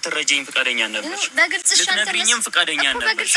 ልትረጀኝ ፈቃደኛ ነበርሽ፣ ልትነግሪኝም ፈቃደኛ ነበርሽ።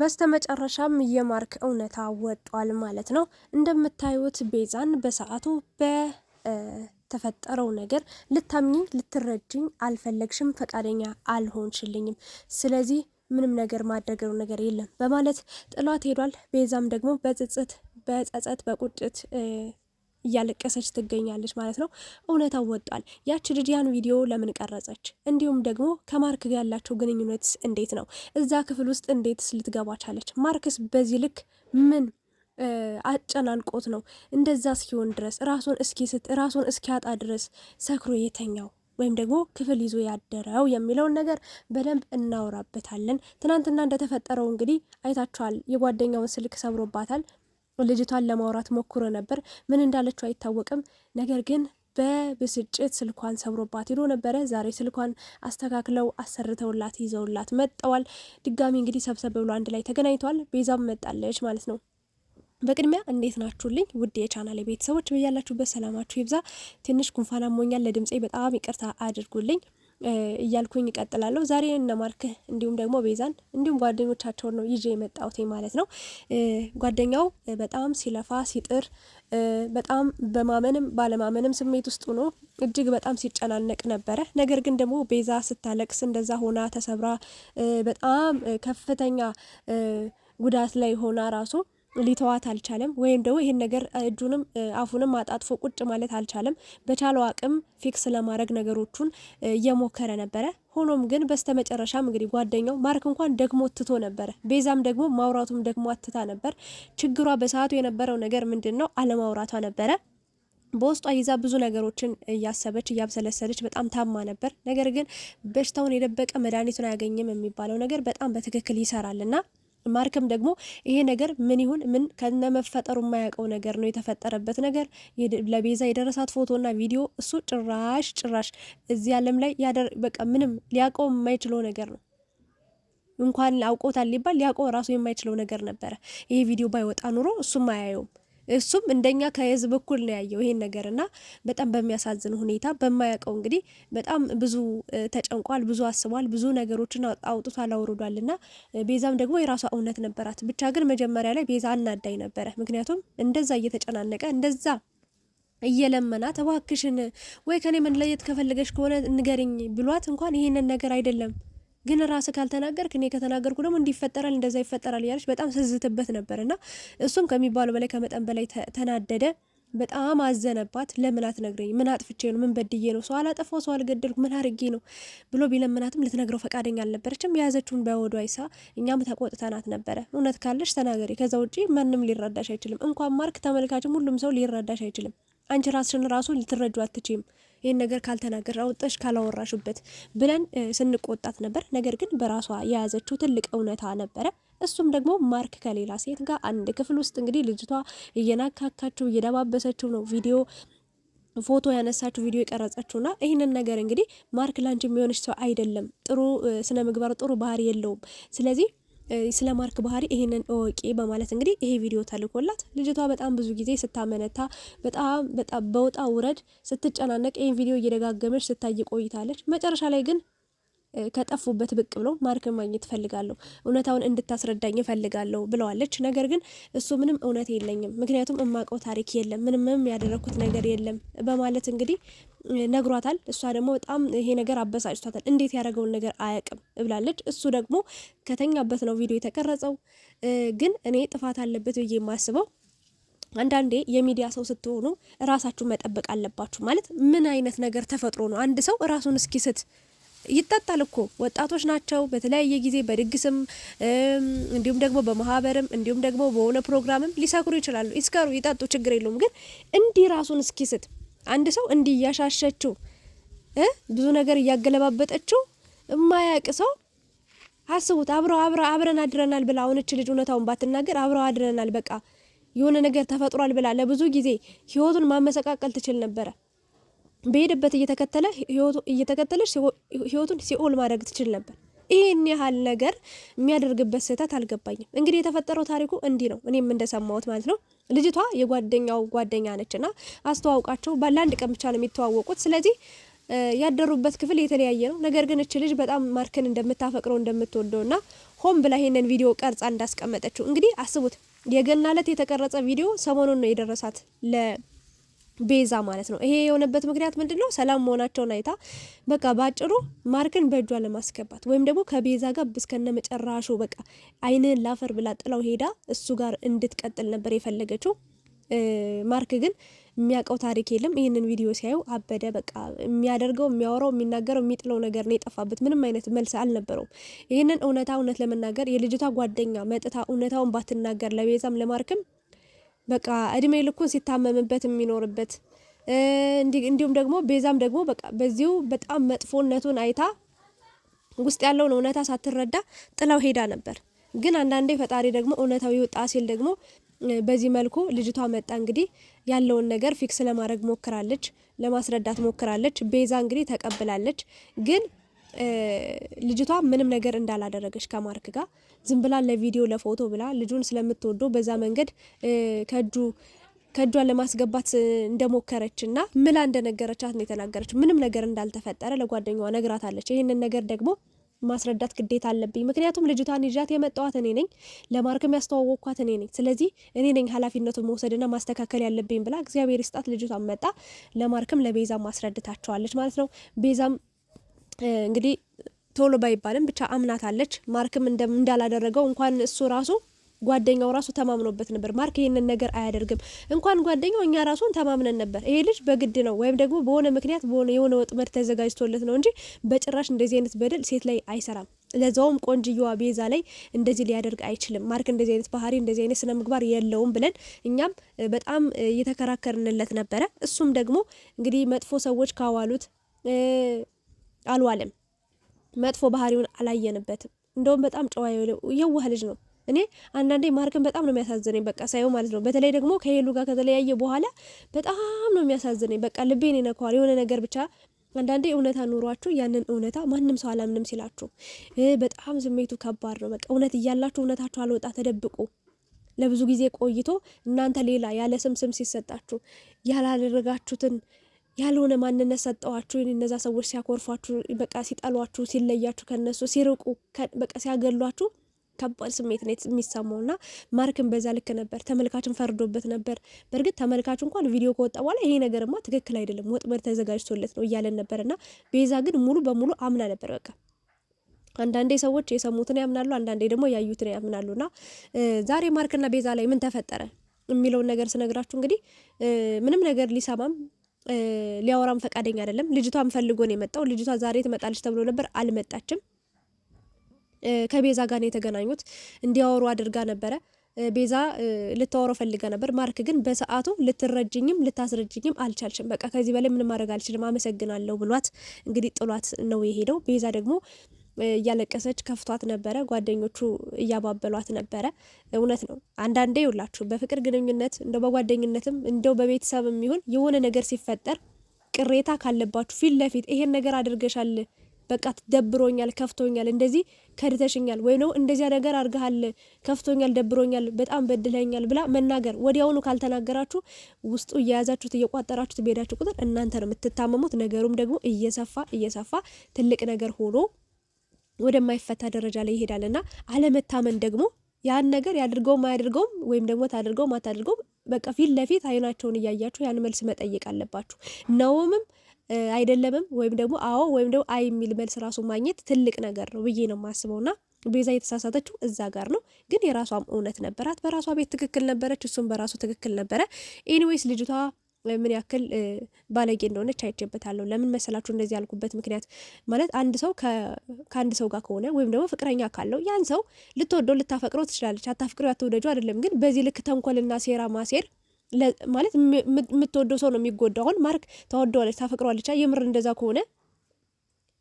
በስተመጨረሻም የማርክ እውነታ ወጧል ማለት ነው። እንደምታዩት ቤዛን በሰዓቱ በተፈጠረው ነገር ልታምኚኝ ልትረጅኝ አልፈለግሽም፣ ፈቃደኛ አልሆንችልኝም፣ ስለዚህ ምንም ነገር ማድረገው ነገር የለም በማለት ጥሏት ሄዷል። ቤዛም ደግሞ በጽጽት በጸጸት በቁጭት እያለቀሰች ትገኛለች ማለት ነው። እውነታው ወጧል። ያች ልጅ ያን ቪዲዮ ለምን ቀረጸች? እንዲሁም ደግሞ ከማርክ ጋር ያላቸው ግንኙነት እንዴት ነው? እዛ ክፍል ውስጥ እንዴትስ ልትገባ ቻለች? ማርክስ በዚህ ልክ ምን አጨናንቆት ነው እንደዛ እስኪሆን ድረስ ራሱን እስኪስት ራሱን እስኪያጣ ድረስ ሰክሮ የተኛው ወይም ደግሞ ክፍል ይዞ ያደረው የሚለውን ነገር በደንብ እናወራበታለን። ትናንትና እንደተፈጠረው እንግዲህ አይታችኋል። የጓደኛውን ስልክ ሰብሮባታል። ልጅቷን ለማውራት ሞክሮ ነበር። ምን እንዳለችው አይታወቅም። ነገር ግን በብስጭት ስልኳን ሰብሮባት ሄዶ ነበረ። ዛሬ ስልኳን አስተካክለው አሰርተውላት ይዘውላት መጠዋል። ድጋሚ እንግዲህ ሰብሰብ ብሎ አንድ ላይ ተገናኝተዋል። ቤዛም መጣለች ማለት ነው። በቅድሚያ እንዴት ናችሁልኝ ውድ የቻናል ቤተሰቦች፣ በያላችሁበት ሰላማችሁ ይብዛ። ትንሽ ጉንፋን አሞኛል፣ ለድምፄ በጣም ይቅርታ አድርጉልኝ። እያልኩኝ እቀጥላለሁ። ዛሬ እነ እንዲሁም ደግሞ ቤዛን እንዲሁም ጓደኞቻቸውን ነው ይዤ የመጣሁት ማለት ነው። ጓደኛው በጣም ሲለፋ ሲጥር በጣም በማመንም ባለማመንም ስሜት ውስጥ ሆኖ እጅግ በጣም ሲጨናነቅ ነበረ። ነገር ግን ደግሞ ቤዛ ስታለቅስ እንደዛ ሆና ተሰብራ በጣም ከፍተኛ ጉዳት ላይ ሆና ራሱ ሊተዋት አልቻለም። ወይም ደግሞ ይህን ነገር እጁንም አፉንም አጣጥፎ ቁጭ ማለት አልቻለም። በቻለው አቅም ፊክስ ለማድረግ ነገሮቹን እየሞከረ ነበረ። ሆኖም ግን በስተመጨረሻም እንግዲህ ጓደኛው ማርክ እንኳን ደግሞ ትቶ ነበረ። ቤዛም ደግሞ ማውራቱም ደግሞ አትታ ነበር። ችግሯ በሰዓቱ የነበረው ነገር ምንድን ነው? አለማውራቷ ነበረ። በውስጧ ይዛ ብዙ ነገሮችን እያሰበች እያብሰለሰለች በጣም ታማ ነበር። ነገር ግን በሽታውን የደበቀ መድኃኒቱን አያገኝም የሚባለው ነገር በጣም በትክክል ይሰራልና ማርክም ደግሞ ይሄ ነገር ምን ይሁን ምን ከነመፈጠሩ የማያውቀው ነገር ነው። የተፈጠረበት ነገር ለቤዛ የደረሳት ፎቶና ቪዲዮ እሱ ጭራሽ ጭራሽ እዚህ ዓለም ላይ በቃ ምንም ሊያውቀው የማይችለው ነገር ነው። እንኳን አውቆታል ሊባል ሊያውቀው ራሱ የማይችለው ነገር ነበረ። ይሄ ቪዲዮ ባይወጣ ኑሮ እሱም አያየውም። እሱም እንደኛ ከህዝብ እኩል ነው ያየው ይሄን ነገር እና በጣም በሚያሳዝን ሁኔታ በማያውቀው እንግዲህ በጣም ብዙ ተጨንቋል፣ ብዙ አስቧል፣ ብዙ ነገሮችን አውጥቶ አላውርዷል እና ቤዛም ደግሞ የራሷ እውነት ነበራት። ብቻ ግን መጀመሪያ ላይ ቤዛ አናዳኝ ነበረ። ምክንያቱም እንደዛ እየተጨናነቀ እንደዛ እየለመና እባክሽን ወይ ከኔ መለየት ከፈለገሽ ከሆነ ንገርኝ ብሏት እንኳን ይሄንን ነገር አይደለም ግን ራስህ ካልተናገርክ እኔ ከተናገርኩ ደግሞ እንዲፈጠራል እንደዛ ይፈጠራል እያለች በጣም ስዝትበት ነበር እና እሱም ከሚባለው በላይ ከመጠን በላይ ተናደደ። በጣም አዘነባት። ለምን አትነግረኝ? ምን አጥፍቼ ነው? ምን በድዬ ነው? ሰው አላጠፋው፣ ሰው አልገደልኩ፣ ምን አርጌ ነው ብሎ ቢለምናትም ልትነግረው ፈቃደኛ አልነበረችም። የያዘችውን በወዷ ይሳ እኛም ተቆጥተናት ነበረ። እውነት ካለሽ ተናገሪ፣ ከዛ ውጪ ማንም ሊረዳሽ አይችልም። እንኳን ማርክ ተመልካችም፣ ሁሉም ሰው ሊረዳሽ አይችልም። አንቺ ራስሽን ራሱ ልትረጁ አትችም። ይህን ነገር ካልተናገር አውጠሽ ካላወራሽበት ብለን ስንቆጣት ነበር። ነገር ግን በራሷ የያዘችው ትልቅ እውነታ ነበረ። እሱም ደግሞ ማርክ ከሌላ ሴት ጋር አንድ ክፍል ውስጥ እንግዲህ ልጅቷ እየናካካችው እየደባበሰችው ነው ቪዲዮ ፎቶ ያነሳችሁ ቪዲዮ የቀረጸችውና ይህንን ነገር እንግዲህ ማርክ ላንች የሚሆንች ሰው አይደለም። ጥሩ ስነ ምግባር፣ ጥሩ ባህሪ የለውም። ስለዚህ ስለ ማርክ ባህሪ ይሄንን እወቂ በማለት እንግዲህ ይሄ ቪዲዮ ተልኮላት ልጅቷ በጣም ብዙ ጊዜ ስታመነታ፣ በጣም በጣም በውጣ ውረድ ስትጨናነቅ ይህን ቪዲዮ እየደጋገመች ስታይ ቆይታለች። መጨረሻ ላይ ግን ከጠፉበት ብቅ ብሎ ማርክን ማግኘት እፈልጋለሁ፣ እውነታውን እንድታስረዳኝ እፈልጋለሁ ብለዋለች። ነገር ግን እሱ ምንም እውነት የለኝም፣ ምክንያቱም እማቀው ታሪክ የለም፣ ምንምም ያደረግኩት ነገር የለም በማለት እንግዲህ ነግሯታል። እሷ ደግሞ በጣም ይሄ ነገር አበሳጭቷታል። እንዴት ያደረገውን ነገር አያውቅም ብላለች። እሱ ደግሞ ከተኛበት ነው ቪዲዮ የተቀረጸው። ግን እኔ ጥፋት አለበት ብዬ የማስበው አንዳንዴ የሚዲያ ሰው ስትሆኑ ራሳችሁን መጠበቅ አለባችሁ። ማለት ምን አይነት ነገር ተፈጥሮ ነው አንድ ሰው ራሱን እስኪስት ይጠጣል እኮ ወጣቶች ናቸው። በተለያየ ጊዜ በድግስም እንዲሁም ደግሞ በማህበርም እንዲሁም ደግሞ በሆነ ፕሮግራምም ሊሰክሩ ይችላሉ። ይስከሩ፣ ይጠጡ፣ ችግር የለውም። ግን እንዲህ ራሱን እስኪስት አንድ ሰው እንዲህ እያሻሸችው ብዙ ነገር እያገለባበጠችው እማያቅ ሰው አስቡት። አብረው አብረ አብረን አድረናል ብላ አሁን እች ልጅ እውነታውን ባትናገር አብረው አድረናል በቃ የሆነ ነገር ተፈጥሯል ብላ ለብዙ ጊዜ ህይወቱን ማመሰቃቀል ትችል ነበረ። በሄደበት እየተከተለ እየተከተለች ህይወቱን ሲኦል ማድረግ ትችል ነበር። ይህን ያህል ነገር የሚያደርግበት ስህተት አልገባኝም። እንግዲህ የተፈጠረው ታሪኩ እንዲህ ነው፣ እኔም እንደሰማሁት ማለት ነው። ልጅቷ የጓደኛው ጓደኛ ነችና አስተዋውቃቸው ለአንድ ቀን ብቻ ነው የሚተዋወቁት። ስለዚህ ያደሩበት ክፍል የተለያየ ነው። ነገር ግን እች ልጅ በጣም ማርክን እንደምታፈቅረው እንደምትወደው ና ሆም ብላ ይሄንን ቪዲዮ ቀርጻ እንዳስቀመጠችው እንግዲህ አስቡት። የገና ዕለት የተቀረጸ ቪዲዮ ሰሞኑን ነው የደረሳት ቤዛ ማለት ነው። ይሄ የሆነበት ምክንያት ምንድን ነው? ሰላም መሆናቸውን አይታ በቃ በአጭሩ ማርክን በእጇ ለማስገባት ወይም ደግሞ ከቤዛ ጋር እስከነ መጨራሹ በቃ ዓይንህን ላፈር ብላ ጥላው ሄዳ እሱ ጋር እንድትቀጥል ነበር የፈለገችው። ማርክ ግን የሚያውቀው ታሪክ የለም። ይህንን ቪዲዮ ሲያዩ አበደ። በቃ የሚያደርገው የሚያወራው፣ የሚናገረው፣ የሚጥለው ነገር ነው የጠፋበት። ምንም አይነት መልስ አልነበረውም። ይህንን እውነታ እውነት ለመናገር የልጅቷ ጓደኛ መጥታ እውነታውን ባትናገር ለቤዛም ለማርክም በቃ እድሜ ልኩን ሲታመምበት የሚኖርበት እንዲሁም ደግሞ ቤዛም ደግሞ በቃ በዚሁ በጣም መጥፎነቱን አይታ ውስጥ ያለውን እውነታ ሳትረዳ ጥላው ሄዳ ነበር። ግን አንዳንዴ ፈጣሪ ደግሞ እውነታዊ ወጣ ሲል ደግሞ በዚህ መልኩ ልጅቷ መጣ እንግዲህ ያለውን ነገር ፊክስ ለማድረግ ሞክራለች፣ ለማስረዳት ሞክራለች። ቤዛ እንግዲህ ተቀብላለች ግን ልጅቷ ምንም ነገር እንዳላደረገች ከማርክ ጋር ዝም ብላ ለቪዲዮ ለፎቶ ብላ ልጁን ስለምትወደው በዛ መንገድ ከእጁ ከእጇን ለማስገባት እንደሞከረች እና ምላ እንደነገረቻት ነው የተናገረች። ምንም ነገር እንዳልተፈጠረ ለጓደኛዋ ነግራታለች። ይህንን ነገር ደግሞ ማስረዳት ግዴታ አለብኝ፣ ምክንያቱም ልጅቷን ይዣት የመጣዋት እኔ ነኝ፣ ለማርክም ያስተዋወቅኳት እኔ ነኝ። ስለዚህ እኔ ነኝ ኃላፊነቱን መውሰድና ማስተካከል ያለብኝ ብላ እግዚአብሔር ይስጣት ልጅቷን መጣ ለማርክም ለቤዛም ማስረድታቸዋለች ማለት ነው ቤዛም እንግዲህ ቶሎ ባይባልም ብቻ አምናታለች። ማርክም እንዳላደረገው እንኳን እሱ ራሱ ጓደኛው ራሱ ተማምኖበት ነበር። ማርክ ይህንን ነገር አያደርግም። እንኳን ጓደኛው እኛ ራሱን ተማምነን ነበር። ይሄ ልጅ በግድ ነው ወይም ደግሞ በሆነ ምክንያት በሆነ የሆነ ወጥመድ ተዘጋጅቶለት ነው እንጂ በጭራሽ እንደዚህ አይነት በደል ሴት ላይ አይሰራም። ለዛውም ቆንጅየዋ ቤዛ ላይ እንደዚህ ሊያደርግ አይችልም። ማርክ እንደዚህ አይነት ባህሪ፣ እንደዚህ አይነት ስነ ምግባር የለውም ብለን እኛም በጣም እየተከራከርንለት ነበረ። እሱም ደግሞ እንግዲህ መጥፎ ሰዎች ካዋሉት አልዋለም። መጥፎ ባህሪውን አላየንበትም። እንደውም በጣም ጨዋ የዋህ ልጅ ነው። እኔ አንዳንዴ ማርክን በጣም ነው የሚያሳዝነኝ፣ በቃ ሳየው ማለት ነው። በተለይ ደግሞ ከሄሉ ጋር ከተለያየ በኋላ በጣም ነው የሚያሳዝነኝ። በቃ ልቤን ይነካዋል የሆነ ነገር ብቻ። አንዳንዴ እውነታ ኑሯችሁ ያንን እውነታ ማንም ሰው አላምንም ሲላችሁ በጣም ስሜቱ ከባድ ነው። በቃ እውነት እያላችሁ እውነታችሁ አልወጣ ተደብቁ ለብዙ ጊዜ ቆይቶ እናንተ ሌላ ያለ ስም ስም ሲሰጣችሁ ያላደረጋችሁትን ያልሆነ ማንነት ሰጠዋችሁ። እነዛ ሰዎች ሲያኮርፏችሁ፣ በቃ ሲጠሏችሁ፣ ሲለያችሁ፣ ከነሱ ሲርቁ፣ በቃ ሲያገሏችሁ ከባድ ስሜት ነው የሚሰማው እና ማርክን በዛ ልክ ነበር። ተመልካችን ፈርዶበት ነበር። በእርግጥ ተመልካች እንኳን ቪዲዮ ከወጣ በኋላ ይሄ ነገርማ ትክክል አይደለም፣ ወጥመድ ተዘጋጅቶለት ነው እያለን ነበር እና ቤዛ ግን ሙሉ በሙሉ አምና ነበር። በቃ አንዳንዴ ሰዎች የሰሙትን ያምናሉ፣ አንዳንዴ ደግሞ ያዩትን ያምናሉ። እና ዛሬ ማርክና ቤዛ ላይ ምን ተፈጠረ የሚለውን ነገር ስነግራችሁ እንግዲህ ምንም ነገር ሊሰማም ሊያወራም ፈቃደኛ አይደለም። ልጅቷን ፈልጎ ነው የመጣው። ልጅቷ ዛሬ ትመጣለች ተብሎ ነበር፣ አልመጣችም። ከቤዛ ጋር ነው የተገናኙት። እንዲያወሩ አድርጋ ነበረ። ቤዛ ልታወራው ፈልጋ ነበር። ማርክ ግን በሰዓቱ ልትረጅኝም ልታስረጅኝም አልቻልችም። በቃ ከዚህ በላይ ምንም ማድረግ አልችልም፣ አመሰግናለሁ ብሏት እንግዲህ ጥሏት ነው የሄደው። ቤዛ ደግሞ እያለቀሰች ከፍቷት ነበረ። ጓደኞቹ እያባበሏት ነበረ። እውነት ነው። አንዳንዴ ይውላችሁ በፍቅር ግንኙነት እንደው በጓደኝነትም እንደው በቤተሰብ የሚሆን የሆነ ነገር ሲፈጠር ቅሬታ ካለባችሁ ፊት ለፊት ይሄን ነገር አድርገሻል፣ በቃ ደብሮኛል፣ ከፍቶኛል፣ እንደዚህ ከድተሽኛል፣ ወይ ነው እንደዚያ ነገር አድርገሃል፣ ከፍቶኛል፣ ደብሮኛል፣ በጣም በድለኛል ብላ መናገር። ወዲያውኑ ካልተናገራችሁ ውስጡ እየያዛችሁት እየቋጠራችሁት በሄዳችሁ ቁጥር እናንተ ነው የምትታመሙት። ነገሩም ደግሞ እየሰፋ እየሰፋ ትልቅ ነገር ሆኖ ወደማይፈታ ደረጃ ላይ ይሄዳል እና አለመታመን ደግሞ ያን ነገር ያድርገውም አያድርገውም ወይም ደግሞ ታድርገውም አታድርገውም በቃ ፊት ለፊት አይናቸውን እያያችሁ ያን መልስ መጠየቅ አለባችሁ። ነውምም አይደለምም ወይም ደግሞ አዎ ወይም ደግሞ አይ የሚል መልስ ራሱ ማግኘት ትልቅ ነገር ነው ብዬ ነው ና ቤዛ የተሳሳተችው እዛ ጋር ነው። ግን የራሷም እውነት ነበራት፣ በራሷ ቤት ትክክል ነበረች፣ እሱም በራሱ ትክክል ነበረ። ኤኒዌይስ ልጅቷ ምን ያክል ባለጌ እንደሆነች አይቼበታለሁ። ለምን መሰላችሁ እንደዚህ ያልኩበት ምክንያት ማለት አንድ ሰው ከአንድ ሰው ጋር ከሆነ ወይም ደግሞ ፍቅረኛ ካለው ያን ሰው ልትወደው ልታፈቅረው ትችላለች። አታፍቅረው ያትወደጁ አይደለም፣ ግን በዚህ ልክ ተንኮልና ሴራ ማሴር ማለት የምትወደው ሰው ነው የሚጎዳው። አሁን ማርክ ተወደዋለች፣ ታፈቅረዋለች። የምር እንደዛ ከሆነ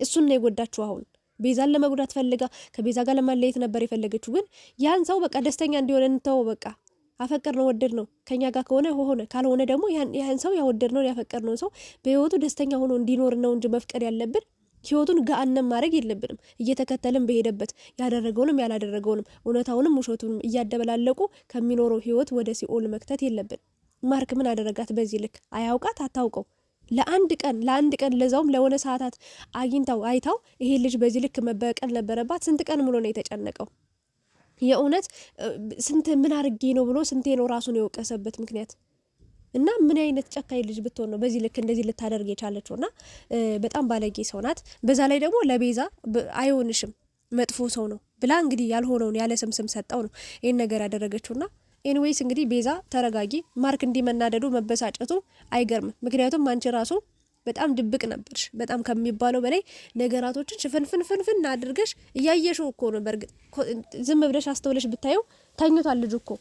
እሱን ነው የጎዳችሁ አሁን ቤዛን ለመጉዳት ፈልጋ ከቤዛ ጋር ለማለየት ነበር የፈለገችው። ግን ያን ሰው በቃ ደስተኛ እንዲሆን እንተው በቃ አፈቀር ነው ወደድ ነው ከኛ ጋር ከሆነ ሆነ፣ ካልሆነ ደግሞ ያን ሰው ያወደድ ነው ያፈቀር ነው ሰው በህይወቱ ደስተኛ ሆኖ እንዲኖር ነው እንጂ መፍቀር ያለብን ህይወቱን ገአነም ማድረግ የለብንም። እየተከተልን በሄደበት ያደረገውንም ያላደረገውንም እውነታውንም ውሸቱንም እያደበላለቁ ከሚኖረው ህይወት ወደ ሲኦል መክተት የለብን። ማርክ ምን አደረጋት? በዚህ ልክ አያውቃት አታውቀው ለአንድ ቀን ለአንድ ቀን ለዛውም ለሆነ ሰዓታት አግኝታው አይታው ይሄ ልጅ በዚህ ልክ መበቀል ነበረባት። ስንት ቀን ሙሉ ነው የተጨነቀው? የእውነት ስንት ምን አርጌ ነው ብሎ ስንቴ ነው ራሱን የወቀሰበት ምክንያት እና ምን አይነት ጨካኝ ልጅ ብትሆን ነው በዚህ ልክ እንደዚህ ልታደርግ የቻለችው? እና በጣም ባለጌ ሰው ናት። በዛ ላይ ደግሞ ለቤዛ አይሆንሽም መጥፎ ሰው ነው ብላ እንግዲህ ያልሆነውን ያለ ስምስም ሰጠው ነው ይህን ነገር ያደረገችውና ኤንዌይስ እንግዲህ ቤዛ ተረጋጊ። ማርክ እንዲመናደዱ መበሳጨቱ አይገርምም። ምክንያቱም አንቺ ራሱ በጣም ድብቅ ነበርሽ። በጣም ከሚባለው በላይ ነገራቶችን ሽፍንፍንፍንፍን አድርገሽ እያየሽው እኮ ነው። በእርግጥ ዝም ብለሽ አስተውለሽ ብታየው ተኝቷል ልጁ እኮ።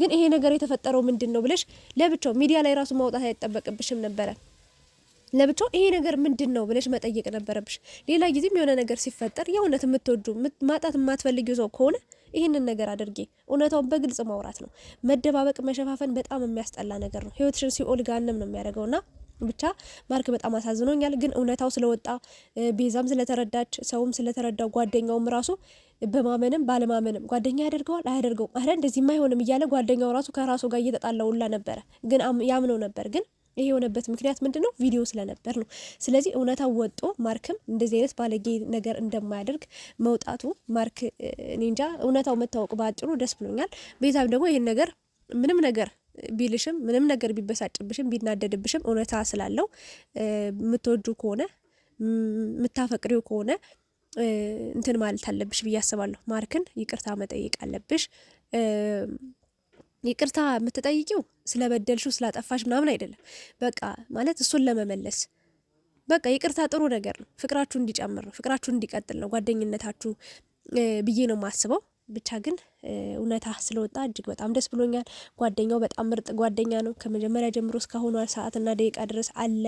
ግን ይሄ ነገር የተፈጠረው ምንድን ነው ብለሽ ለብቻው ሚዲያ ላይ ራሱ ማውጣት አይጠበቅብሽም ነበረ። ለብቻው ይሄ ነገር ምንድን ነው ብለሽ መጠየቅ ነበረብሽ። ሌላ ጊዜም የሆነ ነገር ሲፈጠር የእውነት የምትወዱ ማጣት የማትፈልጊው ሰው ከሆነ ይህንን ነገር አድርጌ እውነታውን በግልጽ ማውራት ነው። መደባበቅ፣ መሸፋፈን በጣም የሚያስጠላ ነገር ነው። ህይወትሽን ሲኦል ጋንም ነው የሚያደርገውና ብቻ ማርክ በጣም አሳዝኖኛል። ግን እውነታው ስለወጣ ቤዛም ስለተረዳች ሰውም ስለተረዳው ጓደኛውም ራሱ በማመንም ባለማመንም ጓደኛ ያደርገዋል አያደርገውም፣ አረ እንደዚህ ማይሆንም እያለ ጓደኛው ራሱ ከራሱ ጋር እየተጣላውላ ነበረ። ግን ያምነው ነበር። ግን ይሄ የሆነበት ምክንያት ምንድን ነው? ቪዲዮ ስለነበር ነው። ስለዚህ እውነታው ወጦ ማርክም እንደዚህ አይነት ባለጌ ነገር እንደማያደርግ መውጣቱ ማርክ እኔ እንጃ እውነታው መታወቅ በአጭሩ ደስ ብሎኛል። ቤዛም ደግሞ ይህን ነገር ምንም ነገር ቢልሽም ምንም ነገር ቢበሳጭብሽም ቢናደድብሽም እውነታ ስላለው የምትወጁ ከሆነ የምታፈቅሪው ከሆነ እንትን ማለት አለብሽ ብዬ አስባለሁ። ማርክን ይቅርታ መጠየቅ አለብሽ። ይቅርታ የምትጠይቂው ስለበደልሽው ስላጠፋሽ ምናምን አይደለም። በቃ ማለት እሱን ለመመለስ በቃ ይቅርታ ጥሩ ነገር ነው። ፍቅራችሁ እንዲጨምር ነው፣ ፍቅራችሁ እንዲቀጥል ነው ጓደኝነታችሁ ብዬ ነው የማስበው። ብቻ ግን እውነታ ስለወጣ እጅግ በጣም ደስ ብሎኛል። ጓደኛው በጣም ምርጥ ጓደኛ ነው። ከመጀመሪያ ጀምሮ እስካሁኗ ሰዓትና ደቂቃ ድረስ አለ።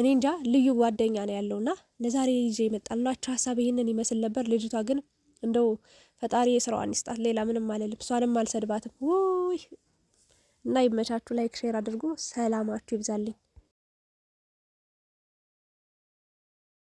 እኔ እንጃ ልዩ ጓደኛ ነው ያለውና ለዛሬ ይዤ የመጣላችሁ ሀሳብ ይህንን ይመስል ነበር። ልጅቷ ግን እንደው ፈጣሪ የስራዋን ይስጣት። ሌላ ምንም አለልም። እሷንም አልሰድባትም። ውይ እና ይመቻችሁ። ላይክ ሼር አድርጉ። ሰላማችሁ ይብዛልኝ።